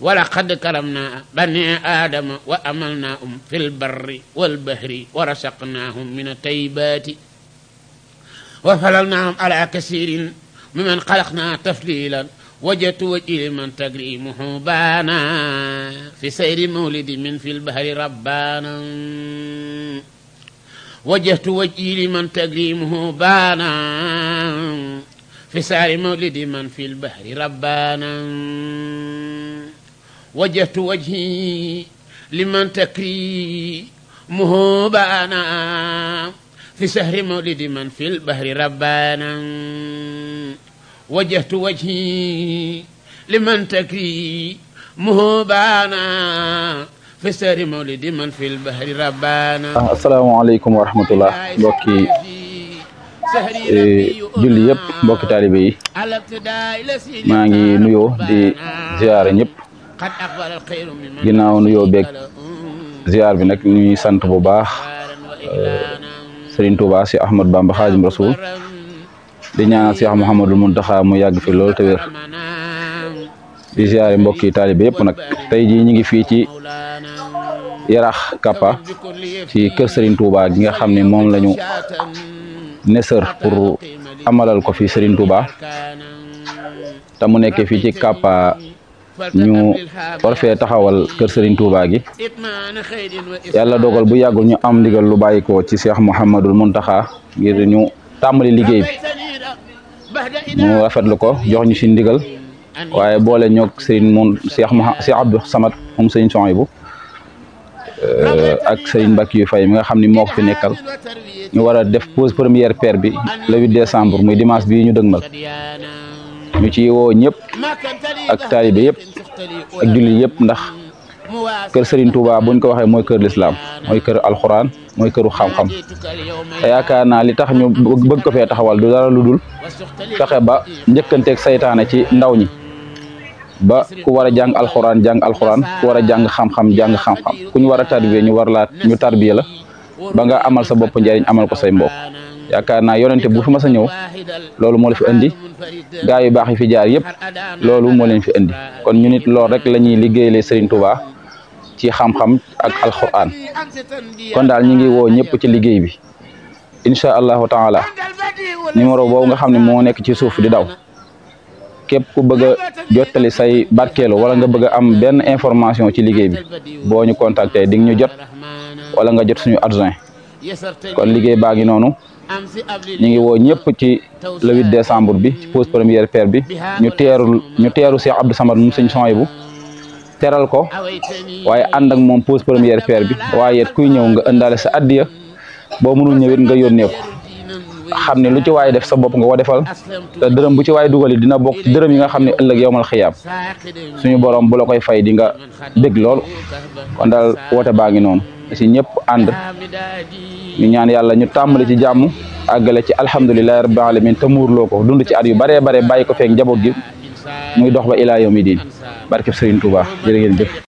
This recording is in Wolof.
ولقد كرمنا بني آدم وأملناهم في البر والبحر ورسقناهم من الطيبات وفللناهم على كثير ممن خلقنا تفليلا وجدت وجهي من تقريمه بانا في سير مولد من في البحر ربانا وجهت وجهي لمن تقريمه بانا في سير مولد من في البحر ربانا wajjahtu wajhi liman takrimuhu baana fi sahri mawlidi man fil bahri rabbana wajjahtu wajhi liman takrimuhu baana fi sahri mawlidi man fil bahri rabbana. asalaamaaleykum wa rahmatullah mbokki eh, julli yëpp mbokki taalibe yi maa ngi nuyoo di ziyaare ñëpp. ginnaaw nu yoo beeg ziar bi nag ñuy sant bu baax euh, Serigne Touba si Ahmad Bamba Xaadim Rasul di ñaanal Seex Muhammadul taxa mu yàgg fi lool te wér di ziare mbokki taalibe yëpp nag tey jii ñu ngi fii ci Yarax Kappa ci kër Serigne Touba gi nga xam ne moom lañu nesër pour amalal ko fi Serigne Touba te mu nekk Kappa. ñu war taxawal kër Serigne Touba gi yàlla dogal bu yàggul ñu am ndigal lu bàyyi ko ci Cheikh Mouhamadul Mountakha ngir ñu tàmbali liggéey bi mu rafetlu ko jox ñu si ndigal waaye boole ñoog Serigne moom Cheikh Mouha Cheikh Abdou Samad moom Serigne Souhaïbou euh, ak Serigne Mbackiyou Faye mi nga xam ni moo ko fi nekkal ñu war def pose première pierre bi le 8 décembre muy dimanche bi ñu dëgmal. ñu ci woo ñep ak talibé yep ak julli yep ndax keur Serigne Touba buñ ko waxee moy keur l'islam moy keur alcorane moy keuru xam-xam te li tax ñu bëgg ko fe taxawal du dara luddul taxé ba ba ak saytaane ci ndaw ñi ba ku wara jang jang jang alcorane ku wara jang xam-xam jang xam-xam ku ñu ñu war la ñu tarbiyé la ba nga amal sa bop ndariñ amal ko say mbokk yakarna yonenté bu fi massa ñew lolu mo la fi indi gaay yu bax yi fi jaar yépp lolu mo leen fi indi kon ñu nit lool rek lañuy ñuy Serigne Touba ci xam-xam ak alquran kon dal ñi ngi wo ñepp ci liggéey bi insha allah taala numéro bo nga xamni mo nekk ci suuf di daw kep ku bëgg jotali say barkelo wala nga bëgg am ben information ci liggéey bi bo ñu contacté di ñu jot wala nga jot suñu adjoint kon liggey baa nonu ñi ngi wo ñepp ci le 8 décembre bi ci pose première pierre bi ñu téerul ñu téeru Cheikh Abdou Samad mu sëñ son téral ko waye and ak mom pose première pierre bi waye it kuy ñëw nga ëndaale sa addiya bo mënu ñewit nga yonne ko xam lu ci waye def sa bop nga wo defal te deureum bu ci waye dugali dina bok ci deureum yi nga xam ëlëk yowmal khiyam suñu borom bu la koy fay di nga dégg lool kon dal wote baa nonu si ñëpp ànd ñu ñaan yàlla ñu tàmbali ci jàmm àggale ci alhamdulilahi rabbil alamin te muurloo ko dund ci at yu baree bare bàyyi ko feek njaboot gi muy dox ba ilaa yawmi diin barkeb Sëriñ Tuubaa jërë ngeen jëf